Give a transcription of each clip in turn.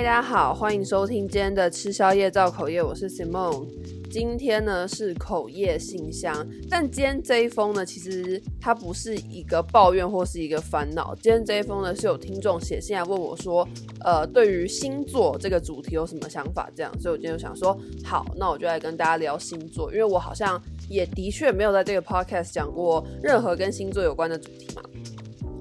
嗨，大家好，歡迎收聽今天的吃宵夜造口業，我是 Simon。今天呢是口業信箱，但今天這一封呢，其實它不是一個抱怨或是一個煩惱。今天這一封呢，是有聽眾寫信來問我說，呃，對於星座這個主題有什麼想法？這樣，所以我今天就想說，好，那我就來跟大家聊星座，因為我好像也的確沒有在這個 podcast 講過任何跟星座有關的主題嘛。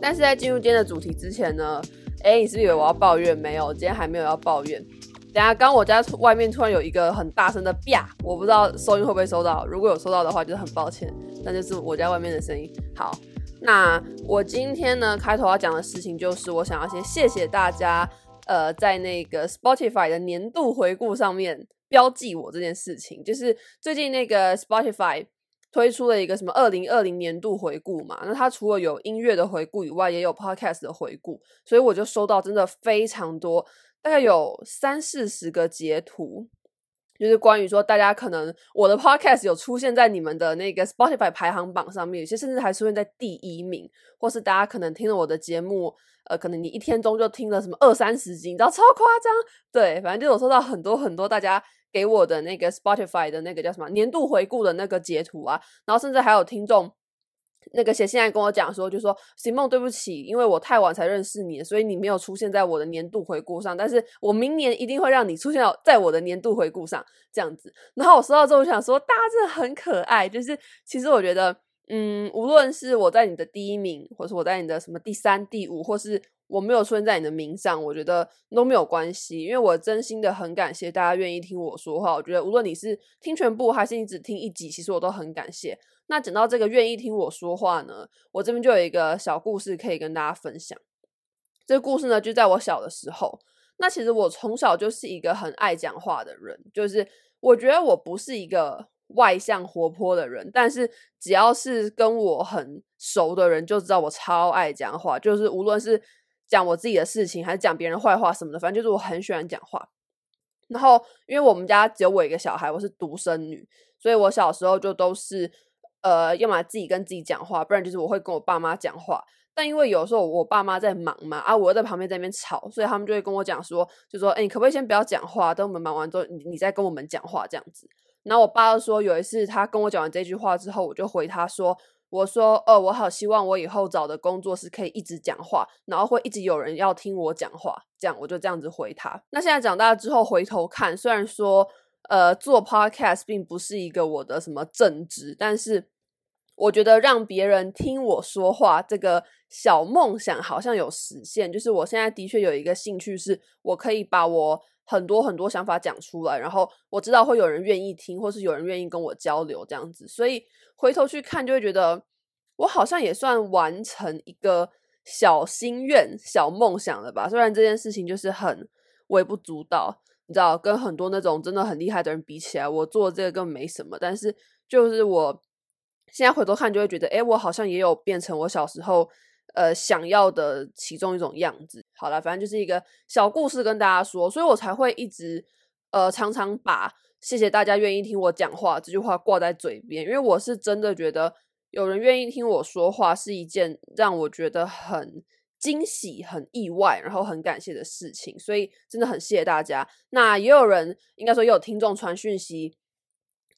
但是在進入今天的主題之前呢，哎、欸，你是不是以為我要抱怨？沒有，我今天還沒有要抱怨。等下，剛我家外面突然有一個很大聲的“啪”，我不知道收音會不會收到。如果有收到的話，就很抱歉。那就是我家外面的聲音。好，那我今天呢，開頭要講的事情就是，我想要先謝謝大家，呃，在那個 Spotify 的年度回顧上面標記我這件事情，就是最近那個 Spotify。推出了一個什麼二零二零年度回顧嘛。那它除了有音樂的回顧以外，也有 podcast 的回顧，所以我就收到真的非常多，大概有三四十個截圖，就是關於說大家可能我的 podcast 有出現在你們的那個 Spotify 排行榜上面，有些甚至還出現在第一名，或是大家可能聽了我的節目，呃，可能你一天中就聽了什麼二三十集，你知道超誇張，對，反正就是我收到很多很多大家給我的那個 Spotify 的那個叫什麼年度回顧的那個截圖啊，然後甚至還有聽眾那個寫信來跟我講說，就說 “Simone 對不起，因為我太晚才認識你，所以你沒有出現在我的年度回顧上，但是我明年一定會讓你出現在我的年度回顧上。”這樣子，然後我收到之後想說，大家真的很可愛，就是其實我覺得，嗯，無論是我在你的第一名，或是我在你的什麼第三、第五，或是。我沒有出現在你的名上，我覺得都沒有關係，因為我真心的很感謝大家願意聽我說話。我覺得無論你是聽全部還是你只聽一集，其實我都很感謝。那講到這個願意聽我說話呢，我這邊就有一個小故事可以跟大家分享。這個故事呢，就在我小的時候。那其實我從小就是一個很愛講話的人，就是我覺得我不是一個外向活潑的人，但是只要是跟我很熟的人，就知道我超愛講話，就是無論是講我自己的事情，還是講別人壞話什麼的，反正就是我很喜歡講話。然後，因為我們家只有我一個小孩，我是獨生女，所以我小時候就都是，呃，要麼自己跟自己講話，不然就是我會跟我爸媽講話。但因為有時候我爸媽在忙嘛，啊，我又在旁邊在那邊吵，所以他們就會跟我講說，就說，誒，你可不可以先不要講話，等我們忙完之後，你你再跟我們講話，這樣子。然後我爸就說，有一次他跟我講完這句話之後，我就回他說。我說，哦，我好希望我以後找的工作是可以一直講話，然後會一直有人要聽我講話，這樣我就這樣子回他。那現在長大之後回頭看，雖然說，呃，做 podcast 並不是一個我的什麼正職，但是我覺得讓別人聽我說話這個小夢想好像有實現，就是我現在的確有一個興趣，是我可以把我。很多很多想法講出來，然後我知道會有人願意聽，或是有人願意跟我交流這樣子，所以回頭去看就會覺得我好像也算完成一個小心願、小夢想了吧。雖然這件事情就是很微不足道，你知道，跟很多那種真的很厲害的人比起來，我做的這個更沒什麼，但是就是我現在回頭看就會覺得，誒，我好像也有變成我小時候。呃，想要的其中一種樣子。好啦，反正就是一個小故事跟大家說，所以我才會一直呃，常常把“謝謝大家願意聽我講話”這句話掛在嘴邊，因為我是真的覺得有人願意聽我說話是一件讓我覺得很驚喜、很意外，然後很感謝的事情，所以真的很謝謝大家。那也有人應該說也有聽眾傳訊息。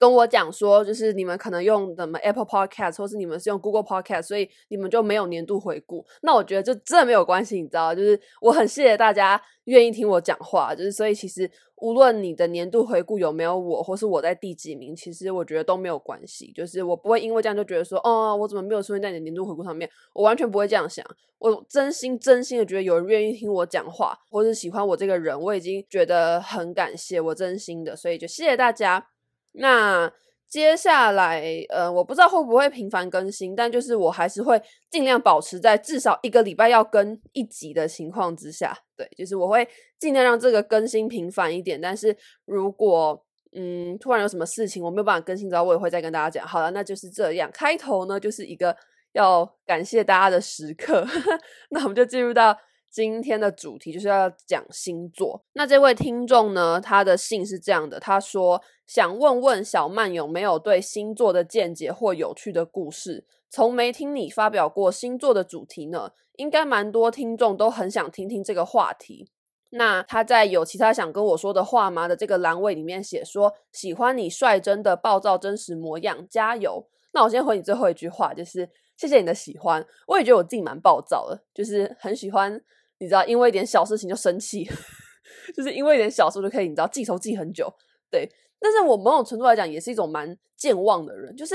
跟我講說，就是你們可能用什麼 Apple Podcast 或是你們是用 Google Podcast，所以你們就沒有年度回顧。那我覺得這真的沒有關係，你知道，就是我很謝謝大家願意聽我講話，就是所以其實無論你的年度回顧有沒有我，或是我在第幾名，其實我覺得都沒有關係。就是我不會因為這樣就覺得說，哦，我怎麼沒有出現在你的年度回顧上面？我完全不會這樣想。我真心真心的覺得有人願意聽我講話，或是喜歡我這個人，我已經覺得很感謝。我真心的，所以就謝謝大家。那接下來，呃，我不知道會不會頻繁更新，但就是我還是會盡量保持在至少一個禮拜要更一集的情況之下。對，就是我會盡量讓這個更新頻繁一點。但是如果嗯，突然有什麼事情我沒有辦法更新，之後我也會再跟大家講。好了，那就是這樣。開頭呢，就是一個要感謝大家的時刻，呵呵，那我們就進入到。今天的主題就是要講星座。那這位聽眾呢，他的信是這樣的，他說想問問小曼有沒有對星座的見解或有趣的故事。從沒聽你發表過星座的主題呢，應該蠻多聽眾都很想聽聽這個話題。那他在有其他想跟我說的話嗎的這個欄位裡面寫說喜歡你率真的暴躁真實模樣，加油。那我先回你最後一句話，就是謝謝你的喜歡。我也覺得我自己蠻暴躁的，就是很喜歡。你知道，因為一點小事情就生氣呵呵，就是因為一點小事就可以，你知道記仇記很久，對。但是我某種程度來講，也是一種蠻健忘的人，就是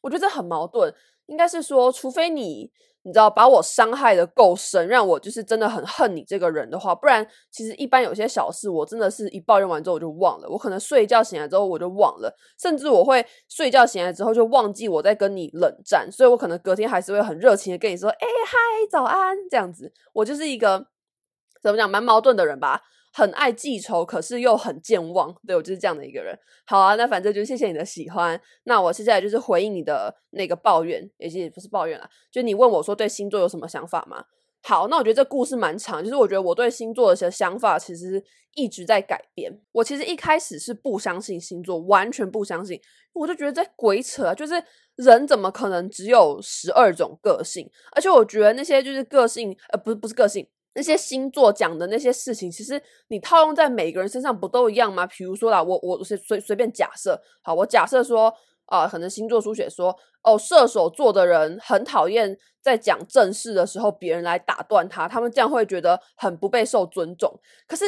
我覺得這很矛盾。應該是說，除非你你知道把我傷害的夠深，讓我就是真的很恨你這個人的話，不然其實一般有些小事，我真的是，一抱怨完之後我就忘了，我可能睡一覺醒來之後我就忘了，甚至我會睡覺醒來之後就忘記我在跟你冷戰，所以我可能隔天還是會很熱情的跟你說，哎嗨，早安，這樣子，我就是一個怎麼講蠻矛盾的人吧。很愛記仇，可是又很健忘。對，我就是這樣的一個人。好啊，那反正就是謝謝你的喜歡。那我接下來就是回應你的那個抱怨，也是不是抱怨啦，就你問我說對星座有什麼想法嗎？好，那我覺得這故事蠻長。就是我覺得我對星座的些想法其實一直在改變。我其實一開始是不相信星座，完全不相信。我就覺得在鬼扯啊！就是人怎麼可能只有十二種個性？而且我覺得那些就是個性，呃，不是不是個性。那些星座講的那些事情，其實你套用在每個人身上不都一樣嗎？比如說啦，我我，我隨隨隨便假設，好，我假設說，啊、呃，可能星座書寫說，哦，射手座的人很討厭在講正事的時候別人來打斷他，他們這樣會覺得很不被受尊重。可是。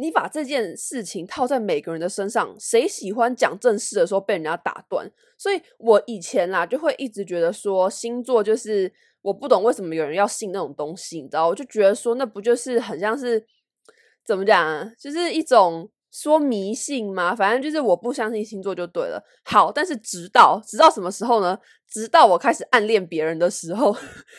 你把這件事情套在每個人的身上，誰喜歡講正事的時候被人家打斷？所以我以前啦就會一直覺得說，星座就是我不懂為什麼有人要信那種東西，你知道？我就覺得說那不就是很像是怎麼講啊，就是一種說迷信嘛。反正就是我不相信星座就對了。好，但是直到直到什麼時候呢？直到我開始暗戀別人的時候，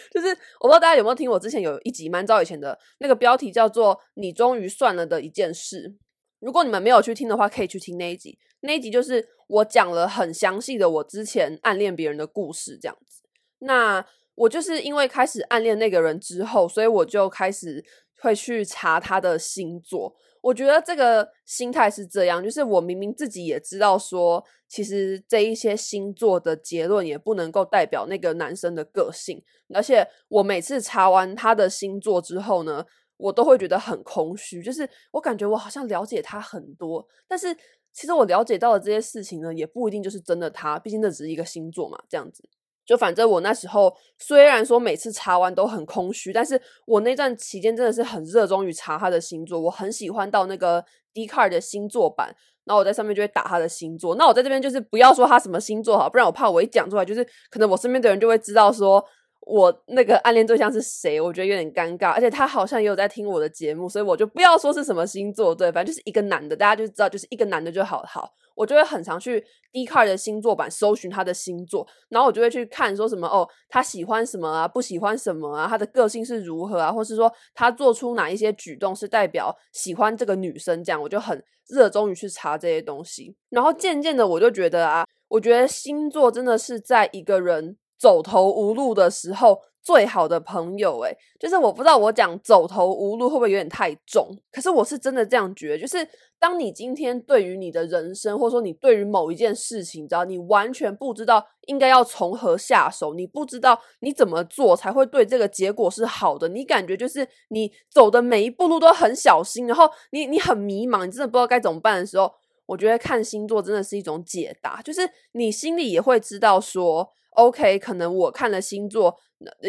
就是我不知道大家有沒有聽我之前有一集蠻早以前的那個標題叫做“你終於算了”的一件事。如果你們沒有去聽的話，可以去聽那一集。那一集就是我講了很詳細的我之前暗戀別人的故事，這樣子。那我就是因為開始暗戀那個人之後，所以我就開始會去查他的星座。我覺得這個心態是這樣，就是我明明自己也知道說，說其實這一些星座的結論也不能夠代表那個男生的個性，而且我每次查完他的星座之後呢，我都會覺得很空虛，就是我感覺我好像了解他很多，但是其實我了解到的這些事情呢，也不一定就是真的他，畢竟那只是一個星座嘛，這樣子。就反正我那時候雖然說每次查完都很空虛，但是我那段期間真的是很熱衷於查他的星座，我很喜歡到那個 Dcard 的星座版，然後我在上面就會打他的星座。那我在這邊就是不要說他什麼星座好，不然我怕我一講出來，就是可能我身邊的人就會知道說我那個暗戀對象是誰，我覺得有點尷尬。而且他好像也有在聽我的節目，所以我就不要說是什麼星座，對，反正就是一個男的，大家就知道就是一個男的就好，好。我就會很常去 Dcard 的星座版搜尋他的星座，然後我就會去看說什麼哦，他喜歡什麼啊，不喜歡什麼啊，他的個性是如何啊，或是說他做出哪一些舉動是代表喜歡這個女生這樣，我就很熱衷於去查這些東西。然後漸漸的，我就覺得啊，我覺得星座真的是在一個人走投無路的時候。最好的朋友欸，哎，就是我不知道，我講走投無路會不會有點太重？可是我是真的這樣覺得，就是當你今天對於你的人生，或者說你對於某一件事情，你知道你完全不知道應該要從何下手，你不知道你怎麼做才會對這個結果是好的，你感覺就是你走的每一步路都很小心，然後你你很迷茫，你真的不知道該怎麼辦的時候，我覺得看星座真的是一種解答，就是你心裡也會知道說。OK，可能我看了星座，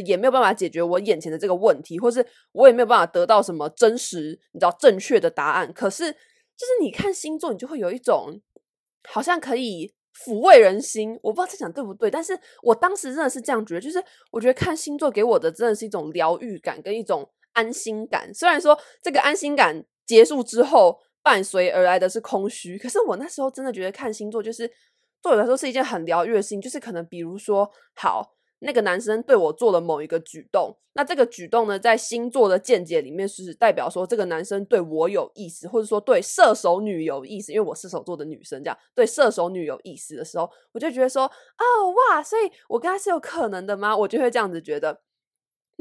也沒有辦法解決我眼前的這個問題，或是我也沒有辦法得到什麼真實，你知道正確的答案。可是，就是你看星座，你就會有一種好像可以撫慰人心。我不知道這講對不對，但是我當時真的是這樣覺得，就是我覺得看星座給我的真的是一種療癒感跟一種安心感。雖然說這個安心感結束之後，伴隨而來的是空虛，可是我那時候真的覺得看星座就是。對我來說是一件很療癒的事情，就是可能比如說，好，那個男生對我做了某一個舉動，那這個舉動呢，在星座的見解裡面是代表說這個男生對我有意思，或者說對射手女有意思，因為我射手座的女生這樣，對射手女有意思的時候，我就覺得說，哦，哇，所以我跟他是有可能的嗎？我就會這樣子覺得。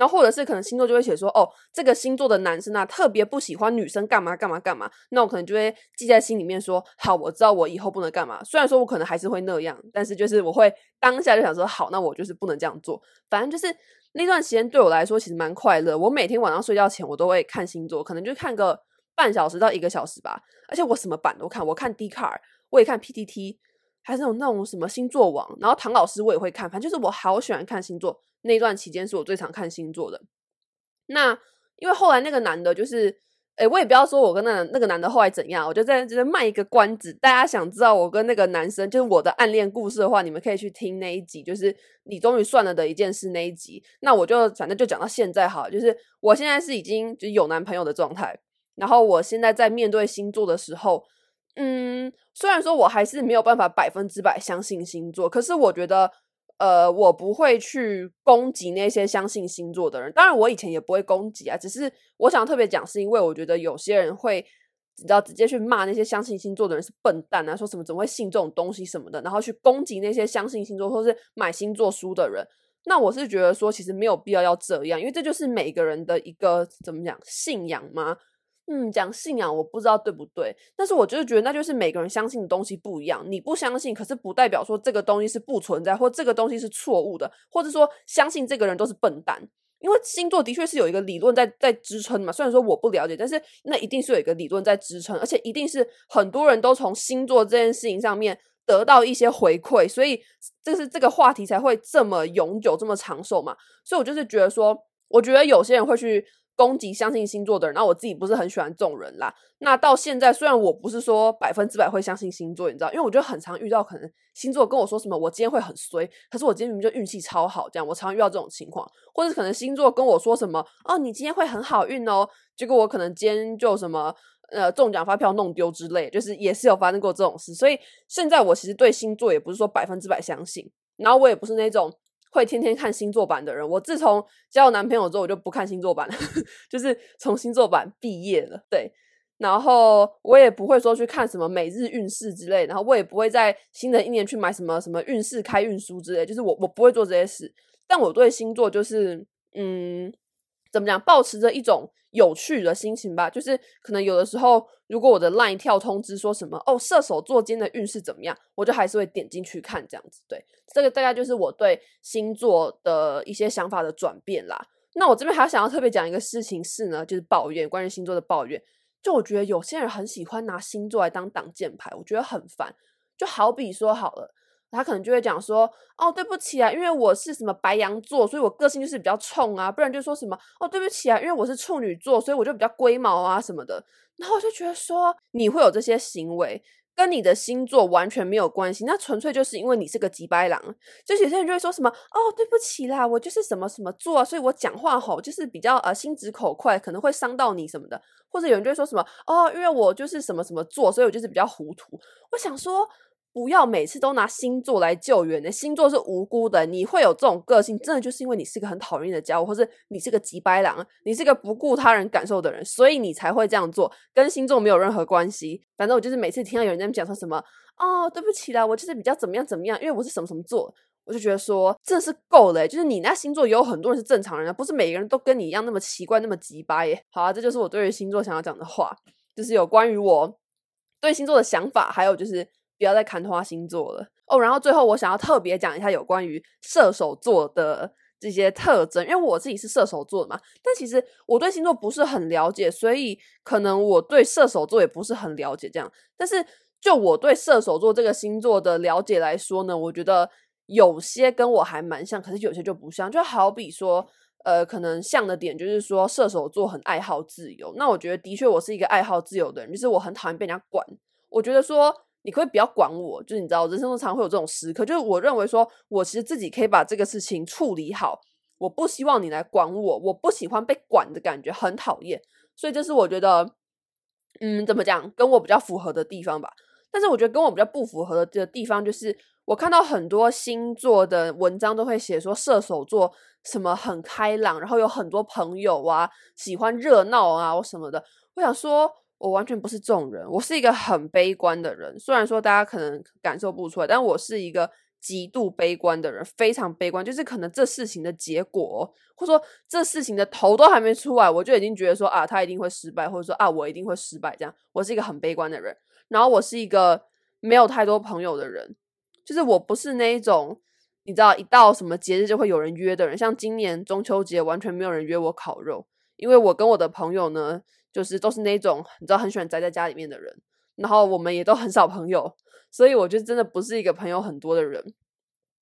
然後，或者是可能星座就會寫說，哦，這個星座的男生啊，特別不喜歡女生幹嘛幹嘛幹嘛。那我可能就會記在心裡面說，說好，我知道我以後不能幹嘛。雖然說我可能還是會那樣，但是就是我會當下就想說，好，那我就是不能這樣做。反正就是那段時間對我來說其實蠻快樂。我每天晚上睡覺前，我都會看星座，可能就看個半小時到一個小時吧。而且我什麼版都看，我看 D 卡，我也看 P T T，還是有那種什麼星座網。然後唐老師我也會看，反正就是我好喜歡看星座。那一段期間是我最常看星座的。那因為後來那個男的，就是，哎、欸，我也不要說我跟那那個男的後來怎樣，我就在這邊、就是、賣一個關子。大家想知道我跟那個男生就是我的暗戀故事的話，你們可以去聽那一集，就是你終於算了的一件事那一集。那我就反正就講到現在哈，就是我現在是已經就是、有男朋友的狀態。然後我現在在面對星座的時候，嗯，雖然說我還是沒有辦法百分之百相信星座，可是我覺得。呃，我不會去攻擊那些相信星座的人。當然，我以前也不會攻擊啊。只是我想特別講，是因為我覺得有些人會，你知道，直接去罵那些相信星座的人是笨蛋啊，說什麼怎麼會信這種東西什麼的，然後去攻擊那些相信星座或是買星座書的人。那我是覺得說，其實沒有必要要這樣，因為這就是每個人的一個怎麼講信仰嗎？嗯，講信仰我不知道對不對，但是我就是覺得那就是每個人相信的東西不一樣。你不相信，可是不代表說這個東西是不存在，或這個東西是錯誤的，或者說相信這個人都是笨蛋。因為星座的確是有一個理論在在支撐嘛，雖然說我不了解，但是那一定是有一個理論在支撐，而且一定是很多人都從星座這件事情上面得到一些回饋，所以就是這個話題才會這麼永久這麼長壽嘛。所以我就是覺得說，我覺得有些人會去。攻擊相信星座的人，然後我自己不是很喜歡這種人啦。那到現在，雖然我不是說百分之百會相信星座，你知道，因為我就很常遇到可能星座跟我說什麼，我今天會很衰，可是我今天明明就運氣超好，這樣，我常遇到這種情況，或者是可能星座跟我說什麼，哦，你今天會很好運哦，結果我可能今天就什麼，呃，中獎發票弄丟之類，就是也是有發生過這種事，所以現在我其實對星座也不是說百分之百相信，然後我也不是那種。會天天看星座版的人，我自從交男朋友之後，我就不看星座版了，就是從星座版畢業了。對，然後我也不會說去看什麼每日運勢之類，然後我也不會在新的一年去買什麼什麼運勢開運書之類，就是我我不會做這些事。但我對星座就是，嗯。怎麼講？抱持著一種有趣的心情吧，就是可能有的時候，如果我的 LINE 跳通知說什麼哦，射手座今天的運勢怎麼樣，我就還是會點進去看這樣子。對，這個大概就是我對星座的一些想法的轉變啦。那我這邊還要想要特別講一個事情是呢，就是抱怨關於星座的抱怨。就我覺得有些人很喜歡拿星座來當擋箭牌，我覺得很煩。就好比說好了。他可能就會講說，哦，對不起啊，因為我是什麼白羊座，所以我個性就是比較衝啊，不然就說什麼，哦，對不起啊，因為我是處女座，所以我就比較龜毛啊什麼的。然後我就覺得說，你會有這些行為，跟你的星座完全沒有關係，那純粹就是因為你是個急白狼。就是、有些人就會說什麼，哦，對不起啦，我就是什麼什麼座，啊，所以我講話吼就是比較呃心直口快，可能會傷到你什麼的。或者有人就會說什麼，哦，因為我就是什麼什麼座，所以我就是比較糊塗。我想說，不要每次都拿星座來救援的，星座是無辜的。你會有這種個性，真的就是因為你是一個很討厭的傢伙，或是你是個機掰郎，你是個不顧他人感受的人，所以你才會這樣做，跟星座沒有任何關係。反正我就是每次聽到有人在那邊講說什麼哦，對不起啦，我就是比較怎麼樣怎麼樣，因為我是什麼什麼座，我就覺得說真是夠了。就是你那星座有很多人是正常人啊，不是每個人都跟你一樣那麼奇怪那麼機掰耶。好啊，這就是我對於星座想要講的話，就是有關於我對星座的想法，還有就是。不要再看他星座了哦。Oh, 然後最後，我想要特別講一下有關於射手座的這些特徵，因為我自己是射手座的嘛。但其實我對星座不是很了解，所以可能我對射手座也不是很了解。這樣，但是就我對射手座這個星座的了解來說呢，我覺得有些跟我還蠻像，可是有些就不像。就好比說，呃，可能像的點就是說，射手座很愛好自由。那我覺得，的確，我是一個愛好自由的人，就是我很討厭被人家管。我覺得說。你可不可以不要管我？就是你知道，我人生中常會有這種時刻，就是我認為說，我其實自己可以把這個事情處理好，我不希望你來管我，我不喜歡被管的感覺，很討厭。所以，這是我覺得，嗯，怎麼講，跟我比較符合的地方吧。但是，我覺得跟我比較不符合的地方，就是我看到很多星座的文章都會寫說，射手座什麼很開朗，然後有很多朋友啊，喜歡熱鬧啊，或什麼的。我想說。我完全不是這種人，我是一個很悲觀的人。雖然說大家可能感受不出來，但我是一個極度悲觀的人，非常悲觀。就是可能這事情的結果，或者說這事情的頭都還沒出來，我就已經覺得說啊，他一定會失敗，或者說啊，我一定會失敗。這樣，我是一個很悲觀的人。然後我是一個沒有太多朋友的人，就是我不是那一種，你知道，一到什麼節日就會有人約的人。像今年中秋節，完全沒有人約我烤肉，因為我跟我的朋友呢。就是都是那種你知道很喜歡宅在家裡面的人，然後我們也都很少朋友，所以我就真的不是一個朋友很多的人，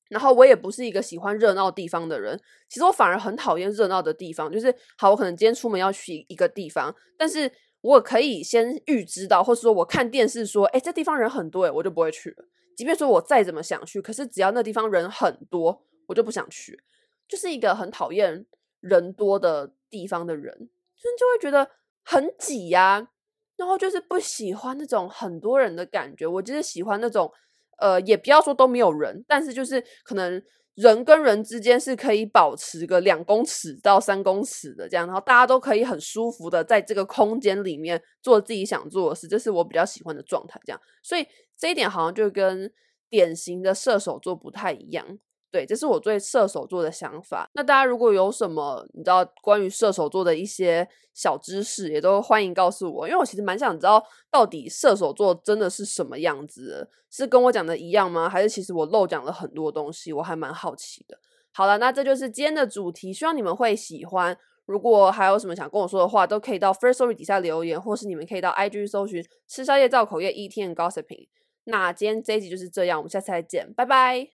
然後我也不是一個喜歡熱鬧地方的人。其實我反而很討厭熱鬧的地方，就是好，我可能今天出門要去一個地方，但是我可以先預知到，或是說我看電視說，哎、欸，這地方人很多，哎，我就不會去了。即便說我再怎麼想去，可是只要那地方人很多，我就不想去，就是一個很討厭人多的地方的人，就就會覺得。很擠呀、啊，然後就是不喜歡那種很多人的感覺。我就是喜歡那種，呃，也不要說都沒有人，但是就是可能人跟人之間是可以保持個兩公尺到三公尺的這樣，然後大家都可以很舒服的在這個空間裡面做自己想做的事，這是我比較喜歡的狀態。這樣，所以這一點好像就跟典型的射手座不太一樣。對，這是我對射手座的想法。那大家如果有什麼你知道關於射手座的一些小知識，也都歡迎告訴我，因為我其實蠻想知道到底射手座真的是什麼樣子，是跟我講的一樣嗎？還是其實我漏講了很多東西？我還蠻好奇的。好了，那這就是今天的主題，希望你們會喜歡。如果還有什麼想跟我說的話，都可以到 Firstory 底下留言，或是你們可以到 IG 搜尋“吃宵夜造口業 Eating and Gossiping”。那今天這一集就是這樣，我們下次再見，拜拜。